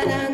Juma'a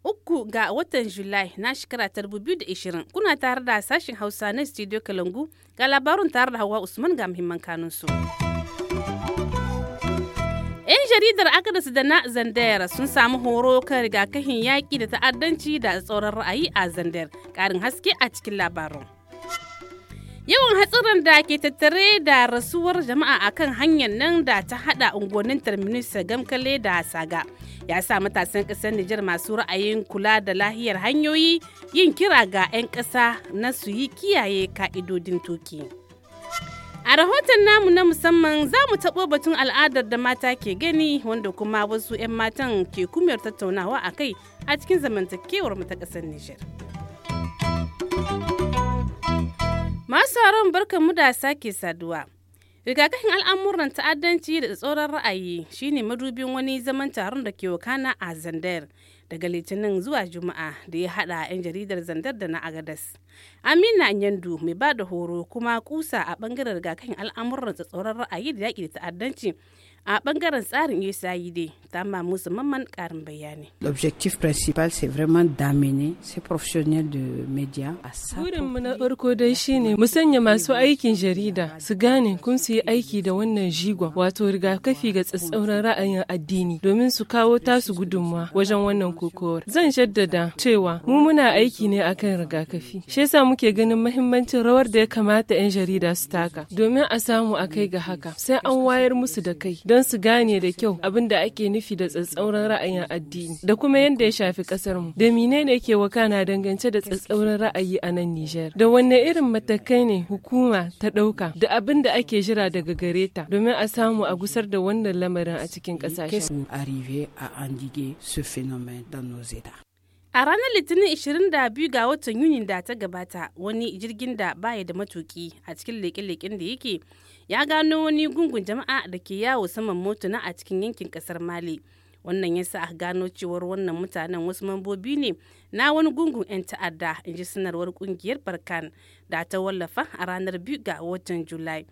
uku ga watan Julai na shekara ta 2020 kuna tare da sashen Hausa na studio Kalangu ga labarin tare da Hawa Usman ga muhimman kanunsu. su. jaridar Agnes da na Zandayar sun samu horo kan rigakafin yaƙi da ta'addanci da tsoron ra'ayi a Zandayar. Ƙarin haske a cikin labarin. Yawan hatsuran da ke tattare da rasuwar jama'a a kan hanyar nan da ta haɗa unguwannin terminus sagamkale da saga ya sa matasan ƙasar Nijar masu ra'ayin kula da lahiyar hanyoyi yin kira ga 'yan ƙasa na su yi kiyaye ka'idodin toki. A rahoton namu na musamman za mu taɓo batun al'adar da mata ke gani wanda kuma wasu 'yan matan ke kumiyar tattaunawa a kai a cikin zamantakewar mu ta ƙasar Nijar. Masu haron barkan mu da sake saduwa. Rigakafin al'amuran ta'addanci da tsoron ra'ayi shine madubin wani zaman taron da ke wakana a zandar. daga litinin zuwa juma'a da ya hada 'yan jaridar zandar da na agadas amina yandu mai ba da horo kuma kusa a bangaren rigakafin al'amuran tsatsoron ra'ayi da yaƙi da ta'addanci a bangaren tsarin usaid ta ma musu mamman karin bayani. L'objectif principal c'est vraiment d'amener ces professionnels de médias à ça. Burin mu na farko dai shine mu sanya masu aikin jarida su gane kun su yi aiki da wannan jigon wato rigakafi ga tsatsauran ra'ayin addini domin su kawo tasu gudunmawa wajen wannan kokowar. Zan jaddada cewa mu muna aiki ne akan rigakafi. Shi yasa muke ganin muhimmancin rawar da ya kamata 'yan jarida su taka domin a samu a kai ga haka sai an wayar musu da kai don su gane da kyau abin da ake nufi nufi da tsatsauran ra'ayin addini da kuma yadda ya shafi kasar mu. Da ne ke wakana dangance da tsatsauran ra'ayi a nan Nijar? Da wanne irin matakai ne hukuma ta ɗauka da abin da ake jira daga gareta domin a samu a gusar da wannan lamarin a cikin ƙasashen. A ranar Litinin 22 ga watan yuni da ta gabata, wani jirgin da baya da matuki a cikin leƙe-leƙen da yake ya gano wani gungun jama'a da ke yawo saman motuna a cikin yankin kasar Mali. Wannan ya sa gano cewar wannan mutanen wasu mambobi ne na wani gungun 'yan ta'adda, in ji sanarwar kungiyar Barkan da ta wallafa a ranar 2 ga watan Julai.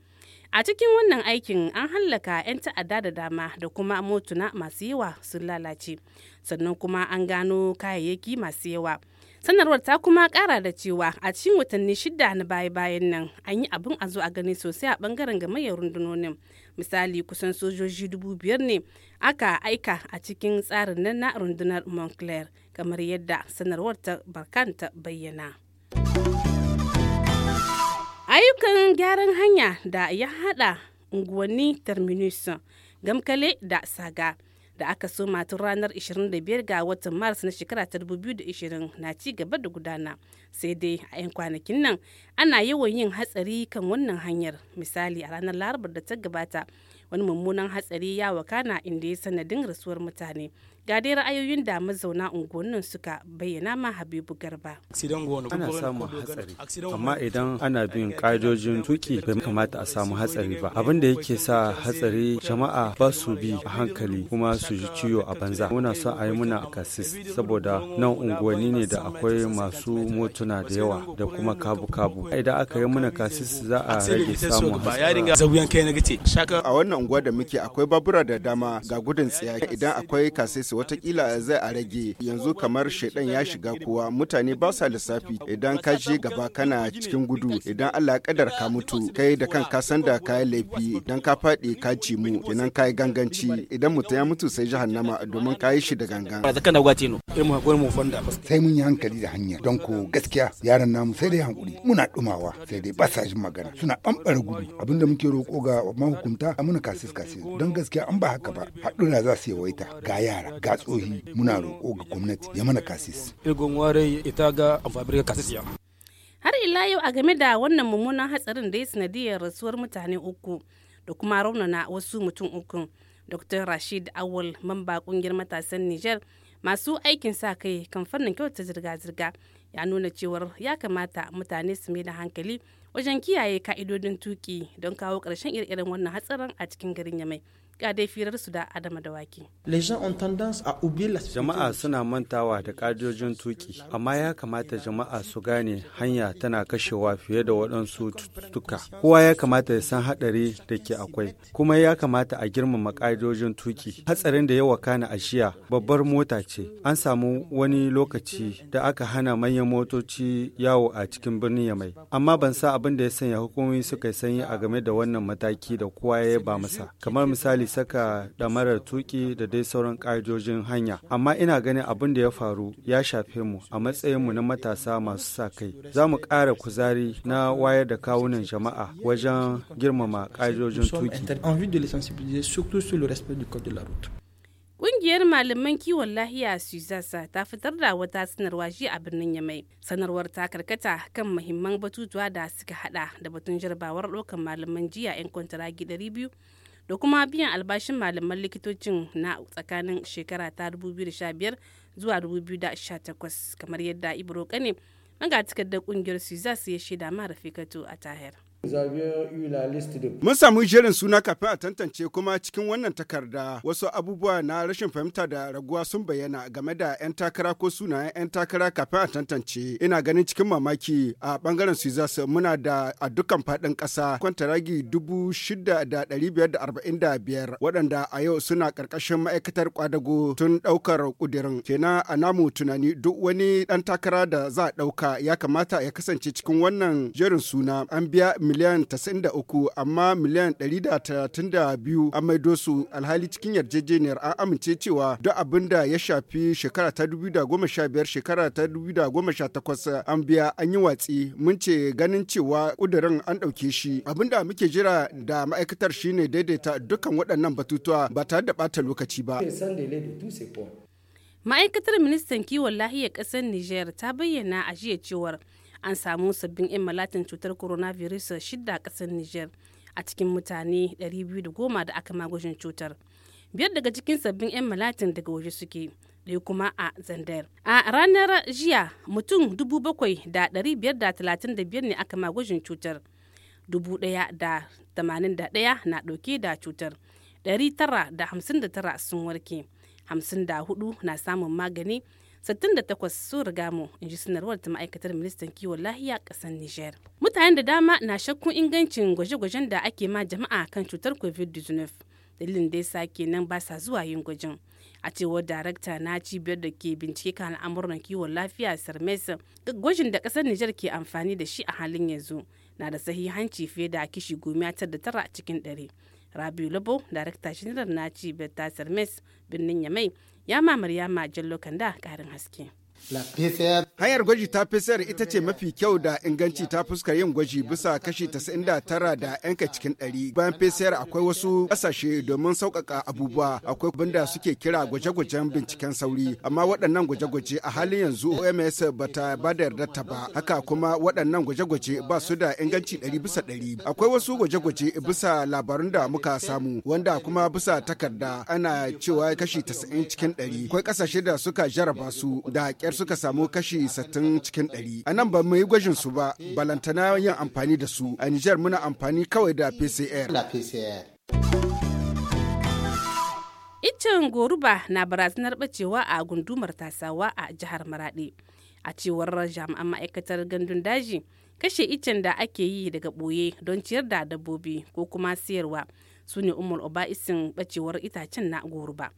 a cikin wannan aikin an hallaka 'yan ta'adda da dama da kuma motuna masu yawa sun lalace sannan kuma an gano kayayyaki masu yawa sanarwar ta kuma kara da cewa a cikin watanni shida na baya-bayan nan an yi abin a zo a gani sosai a bangaren gamayyar rundunonin misali kusan sojoji dubu biyar ne aka aika a cikin tsarin nan na rundunar montclair kamar yadda sanarwar ta barkan ta bayyana ayyukan gyaran hanya da ya hada unguwanni terminus gamkale da saga da aka so matun ranar 25 ga watan maris na shekara ta 2020 na ci gaba da gudana sai dai a 'yan kwanakin nan ana yawan yin hatsari kan wannan hanyar misali a ranar larabar da ta gabata wani mummunan hatsari ya wakana inda ya sanadin rasuwar mutane ga dai ra'ayoyin da mazauna unguwannin suka bayyana ma habibu garba ana samun hatsari amma idan ana bin ƙa'idojin tuki bai kamata a samu hatsari ba abin da yake sa hatsari jama'a ba su bi a hankali kuma su ji ciwo a banza muna son a yi muna kasis saboda nan unguwanni ne da akwai masu motuna da yawa da kuma kabu-kabu idan aka yi muna kasis za a rage samun hatsari a wannan unguwa da muke akwai babura da dama ga gudun tsiya idan akwai kasis watakila zai a rage yanzu kamar shaidan ya shiga kowa mutane ba sa lissafi idan ka je gaba kana cikin gudu idan Allah kadar ka mutu kai da kan ka san da ka laifi idan ka faɗi ka ci mu kenan ka yi ganganci idan mutum ya mutu sai jahannama domin ka yi shi da gangan. Sai mun yi hankali da hanya don ko gaskiya yaran namu sai dai hankuri muna dumawa sai dai ba sa jin magana suna bambara gudu abinda muke roƙo ga mahukunta a muna kasis kasis don gaskiya an ba haka ba haɗura za su yawaita ga yara ga tsohi muna roƙo ga gwamnati ya mana kasis har ila yau a game da wannan mummunan hatsarin da ya sanadiyar rasuwar mutane uku da kuma raunana wasu mutum uku dr rashid awal mamba kungiyar matasan nijar masu aikin sa kai kan fannin kyauta zirga-zirga ya nuna cewar ya kamata mutane su mai da hankali wajen kiyaye ka'idodin tuki don kawo ƙarshen ire-iren wannan hatsarin a cikin garin yamai ga dai su da Adama wake. Jama'a suna mantawa da kajojin tuki, amma ya kamata jama'a su gane hanya tana kashewa fiye da waɗansu tuka Kowa ya kamata ya san haɗari da ke akwai, kuma ya kamata a girmama kajojin tuki. Hatsarin da ya wakana a shiya babbar mota ce. An samu wani lokaci da aka hana manyan motoci yawo a cikin birnin Yamai. Amma ban sa abin da ya sanya hukumomi suka yi sanyi a game da wannan mataki da kowa ya ba masa. Kamar misali saka damarar tuki da dai sauran ƙa'idojin hanya. Amma ina ganin abin da ya faru ya shafe mu a matsayinmu na matasa masu sa kai. Za mu ƙara kuzari na wayar da kawunan jama'a wajen girmama ƙa'idojin tuki. Ƙungiyar malaman kiwon lahiya Suzasa ta fitar da wata sanarwa shi a birnin Yamai. Sanarwar ta karkata kan muhimman batutuwa da suka hada da batun jarabawar ɗaukar malaman jiya 'yan gidari biyu da kuma biyan albashin malaman likitocin na tsakanin shekara ta 2015 zuwa 2018 kamar yadda ibro kane magatakardar kungiyar su za su yi shaida ma rafikato a tahir Mun samu jerin suna kafin a tantance kuma cikin wannan takarda wasu abubuwa na rashin fahimta da raguwa sun bayyana game da 'yan takara ko sunayen 'yan takara kafin a tantance. Ina ganin cikin mamaki a bangaren Suizas muna da a dukkan faɗin ƙasa kwantaragi biyar waɗanda a yau suna ƙarƙashin ma'aikatar kwadago tun ɗaukar ƙudirin. Kenan a namu tunani duk wani ɗan takara da za a ɗauka ya kamata ya kasance cikin wannan jerin suna an biya miliyan 93 amma miliyan 132 a maido su alhali cikin yarjejeniyar an amince cewa duk abin da ya shafi shekara ta 2015 shekara ta 2018 an biya an yi watsi mun ce ganin cewa kudurin an ɗauke shi abin da muke jira da ma'aikatar shine daidaita dukkan waɗannan batutuwa ba tare da ɓata lokaci ba. Ma'aikatar ministan kiwon lahiyar ƙasar Nijar ta bayyana a jiya cewar an samu sabbin 'yan malatin cutar coronavirus shida a kasar niger a cikin mutane 210 da aka magwajin cutar biyar daga cikin sabbin 'yan malatin daga waje suke ɗaya kuma a zandar a ranar jiya mutum 7,535 ne aka magwajin cutar 1,081 na ɗauke da cutar 959 sun warke 54 na samun magani 68 sun riga mu in ji sanarwar ta ma'aikatar ministan kiwon lahiya kasar nijar mutane da dama na shakkun ingancin gwaje-gwajen da ake ma jama'a kan cutar covid-19 dalilin da yasa kenan ba sa zuwa yin gwajin a cewar darakta na cibiyar da ke bincike kan al'amuran kiwon lafiya sarmes gwajin da kasar nijar ke amfani da shi a halin yanzu na da sahihanci fiye da kishi goma da tara a cikin dare. rabiu labo darakta shi na cibiyar ta sarmes birnin yamai ya mamar ya majin lokanda karin haske. Hanyar gwaji ta PCR ita ce mafi kyau da inganci ta fuskar yin gwaji bisa kashi 99 da 'yanka cikin 100. Bayan PCR akwai wasu kasashe domin sauƙaƙa abubuwa akwai abin da suke kira gwaje-gwajen binciken sauri. Amma waɗannan gwaje-gwaje a halin yanzu OMS ba ta ba da yarda ta ba. Haka kuma waɗannan gwaje-gwaje ba su da inganci 100 bisa 100. Akwai wasu gwaje-gwaje bisa labarun da muka samu wanda kuma bisa takarda ana cewa kashi 90 cikin 100. Akwai ƙasashe da suka jaraba su da ƙyar suka samu kashi sittin cikin ɗari a nan ba mu yi gwajin su ba balantana yin amfani da su a niger muna amfani kawai da PCR. Iccen goruba na barazanar bacewa a gundumar tasawa a jihar Maraɗe. A cewar jami'an ma'aikatar gandun daji, kashe iccen da ake yi daga ɓoye don ciyar da dabbobi ko kuma siyarwa su ne umar isin bacewar itacen na goruba.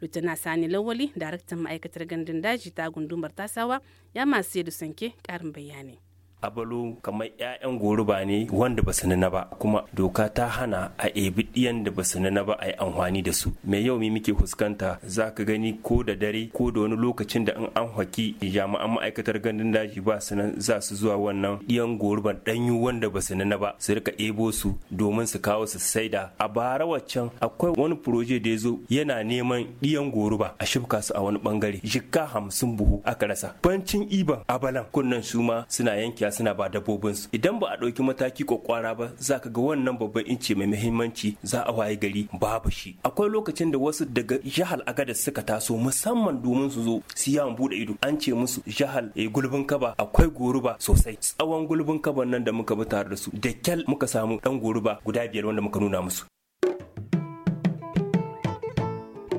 Lieutenant sani lawali daraktan ma'aikatar gandun daji ta gundumar tasawa ya masu da sanke karin bayani abalo kamar 'ya'yan goruba ne wanda ba su na ba kuma doka ta hana a ebi ɗiyan da ba su na ba a yi amfani da su mai yau mi muke fuskanta za ka gani ko da dare ko da wani lokacin da in an haki jami'an ma'aikatar gandun daji ba su nan za su zuwa wannan ɗiyan goruban ɗanyu wanda ba su na ba su rika ebo su domin su kawo su saida a bara waccan akwai wani proje da ya zo yana neman ɗiyan goruba a shifka su a wani bangare jikka hamsin buhu aka rasa bancin iban abalan kunnan su ma suna yanke suna suna ba dabbobin su idan ba a ɗauki mataki kwakwara ba za ka ga wannan babban inci mai muhimmanci za a waye gari babu shi akwai lokacin da wasu daga jihar agada suka taso musamman domin su zo su yawon bude ido an ce musu jihar eh, gulbin kaba akwai goruba sosai tsawon gulbin kaba nan da muka bi tare da su da kyal muka samu dan goruba guda biyar wanda muka nuna musu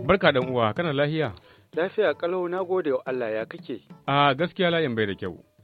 barka dan uwa kana lafiya lafiya kalau na gode wa Allah ya kake a gaskiya layin bai da kyau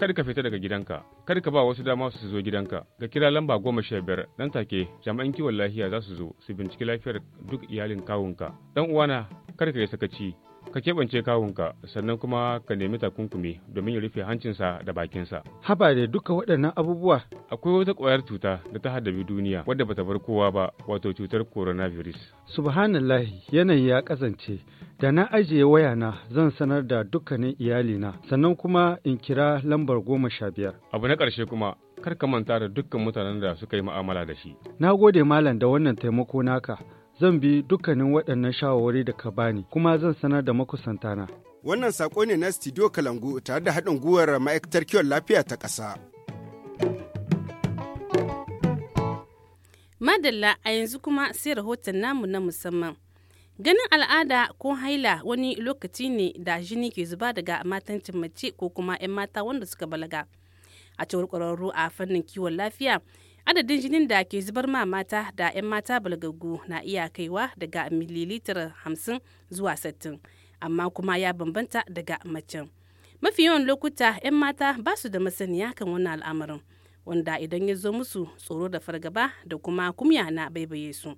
Kar ka fita daga gidanka Kar ka ba wasu dama su zo gidanka ga kira lamba goma sha biyar nan take jami'an kiwon lafiya za su zo su binciki lafiyar duk iyalin kawunka dan uwana kar ka yi sakaci ka keɓance kawunka sannan kuma ka nemi takunkumi domin ya rufe hancinsa da bakinsa. Haba da duka waɗannan abubuwa. Akwai wata ƙwayar cuta da ta haddabi duniya wadda bata bar kowa ba wato cutar coronavirus. Subhanallah, yanayi ya kasance Da na ajiye wayana zan sanar da dukkanin iyalina sannan kuma in kira lambar goma sha biyar. Abu na ƙarshe kuma kar ka manta da dukkan mutanen da suka yi ma'amala da shi. Na gode malam da wannan taimako naka. Zan bi dukkanin waɗannan shawarwari da ka bani kuma zan sanar da makusanta na. Wannan saƙo ne na Studio Kalangu tare da haɗin gwiwar ma'aikatar kiwon lafiya ta ƙasa. Madalla a yanzu kuma sai rahoton namu na musamman. Ganin al'ada ko haila wani lokaci ne da jini ke zuba daga matancin mace ko kuma 'yan mata wanda suka balaga. A cewar kwararru a fannin kiwon lafiya, adadin jinin da ke zubar ma mata da 'yan mata balagagu na iya kaiwa daga mililitar 50 zuwa 60 amma kuma ya bambanta daga macen mafi yawan lokuta 'yan mata ba su da masaniya kan wannan al'amarin wanda idan ya zo musu tsoro da fargaba da kuma kumya na baibaye su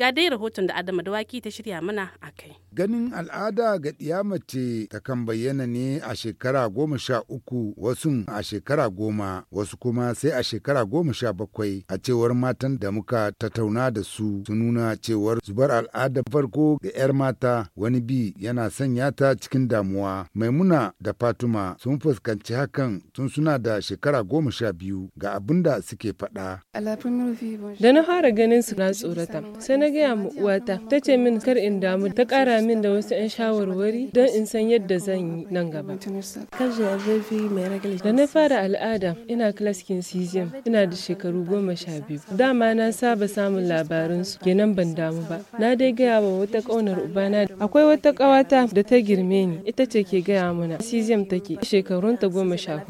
Ga dai rahoton da Adama Dawaki ta shirya mana a kai. Ganin al'ada ga ɗiya mace ta kan bayyana ne a shekara goma sha uku wasu a shekara goma wasu kuma sai a shekara goma sha bakwai a cewar matan da muka tattauna da su su nuna cewar zubar al'ada farko ga 'yar mata wani bi yana sanya ta cikin damuwa. Maimuna da Fatuma sun fuskanci hakan tun suna da shekara goma sha biyu ga abin da suke faɗa. Da na fara ganin su na tsorata sai na gaya ma uwata ta ce min kar in damu ta kara min da wasu 'yan shawarwari don in san yadda zan yi nan gaba. Da na fara al'ada ina klaskin cesium ina da shekaru goma sha biyu. Dama na saba samun labarin su kenan ban damu ba. Na dai gaya wa wata ƙaunar ubana akwai wata ƙawata da ta girme ni ita ce ke gaya mana cesium take shekarunta goma sha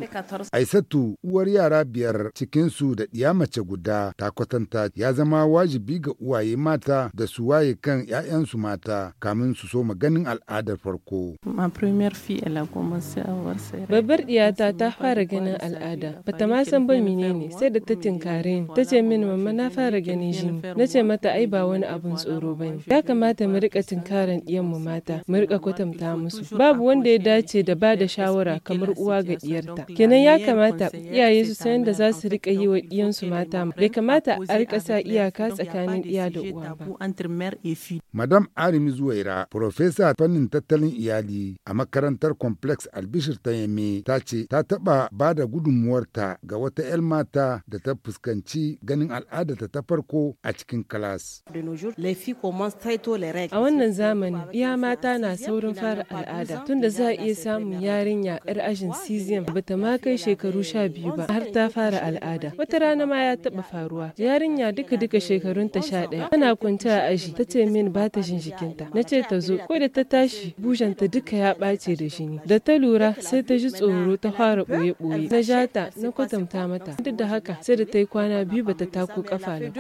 Aisatu uwar yara biyar cikinsu da ɗiya mace guda ta kwatanta ya zama wajibi ga uwaye mata mata da su waye kan 'ya'yansu mata kamin su so maganin al'adar farko. Babbar ɗiyata ta fara ganin al'ada, bata ma san ba ne sai da ta tinkare ni. Ta ce min mamma na fara ganin jini. Na ce mata ai ba wani abun tsoro ba Ya kamata mu rika tinkaran mu mata, mu rika kwatanta musu. Babu wanda ya dace da ba da shawara kamar uwa ga ɗiyarta. Kenan ya kamata iyaye su san da za su rika yi wa ɗiyansu mata. Bai kamata a rika sa iyaka tsakanin ɗiya da uwa. Madam Arimi Zuwaira, Profesa fannin tattalin iyali a makarantar Complex Albishir ta Yame ta ce ta taɓa ba da gudunmuwarta ga wata 'yan mata da ta fuskanci ganin al'adarta ta farko a cikin kalas. A wannan zamani, iya mata na saurin fara al'ada tunda za a iya samun yarinya 'yar ajin cesium ba ta ma kai shekaru sha biyu ba har ta fara al'ada. Wata rana ma ya taɓa faruwa. Yarinya duka-duka shekarunta sha ɗaya. tana kwanta a aji ta ce min ba ta jikinta na ce ta zo ko da ta tashi bujanta duka ya ɓace da jini da ta lura sai ta ji tsoro ta fara ɓoye ɓoye na ja ta na kwatanta mata duk da haka sai da ta yi kwana biyu ba ta tako kafa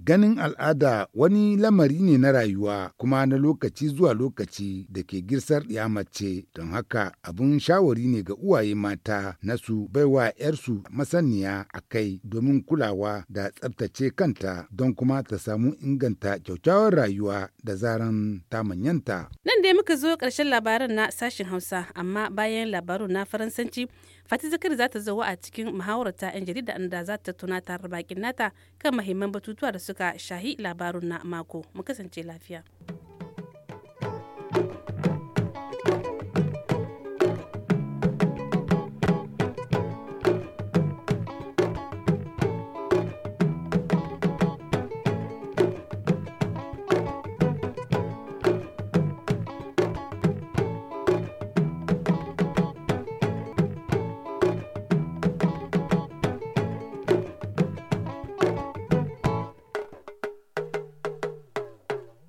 ganin al'ada wani lamari ne na rayuwa kuma na lokaci zuwa lokaci da ke girsar ya mace don haka abun shawari ne ga uwaye mata na su baiwa 'yarsu masaniya a kai domin kulawa da tsabtace kanta don kuma ta samu samu inganta kyaukyawar rayuwa da zaran ta manyanta. Nan dai muka zo ƙarshen labaran na sashen Hausa, amma bayan labarun na Faransanci, Fati Zakari za ta zo a cikin muhawarta 'yan jarida da za ta tunatar bakin nata kan mahimman batutuwa da suka shahi labarun na mako. Mu kasance lafiya.